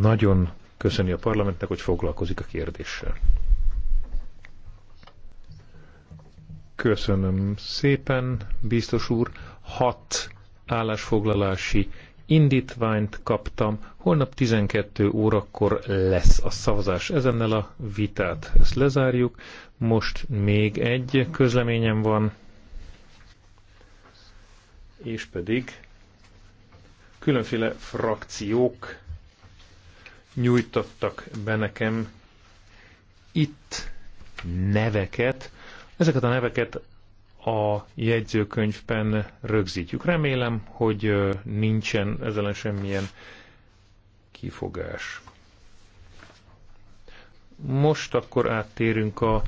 nagyon köszöni a parlamentnek, hogy foglalkozik a kérdéssel. Köszönöm szépen, biztos úr. Hat állásfoglalási indítványt kaptam. Holnap 12 órakor lesz a szavazás. Ezennel a vitát ezt lezárjuk. Most még egy közleményem van, és pedig különféle frakciók nyújtottak be nekem itt neveket. Ezeket a neveket a jegyzőkönyvben rögzítjük. Remélem, hogy nincsen ezzel semmilyen kifogás. Most akkor áttérünk a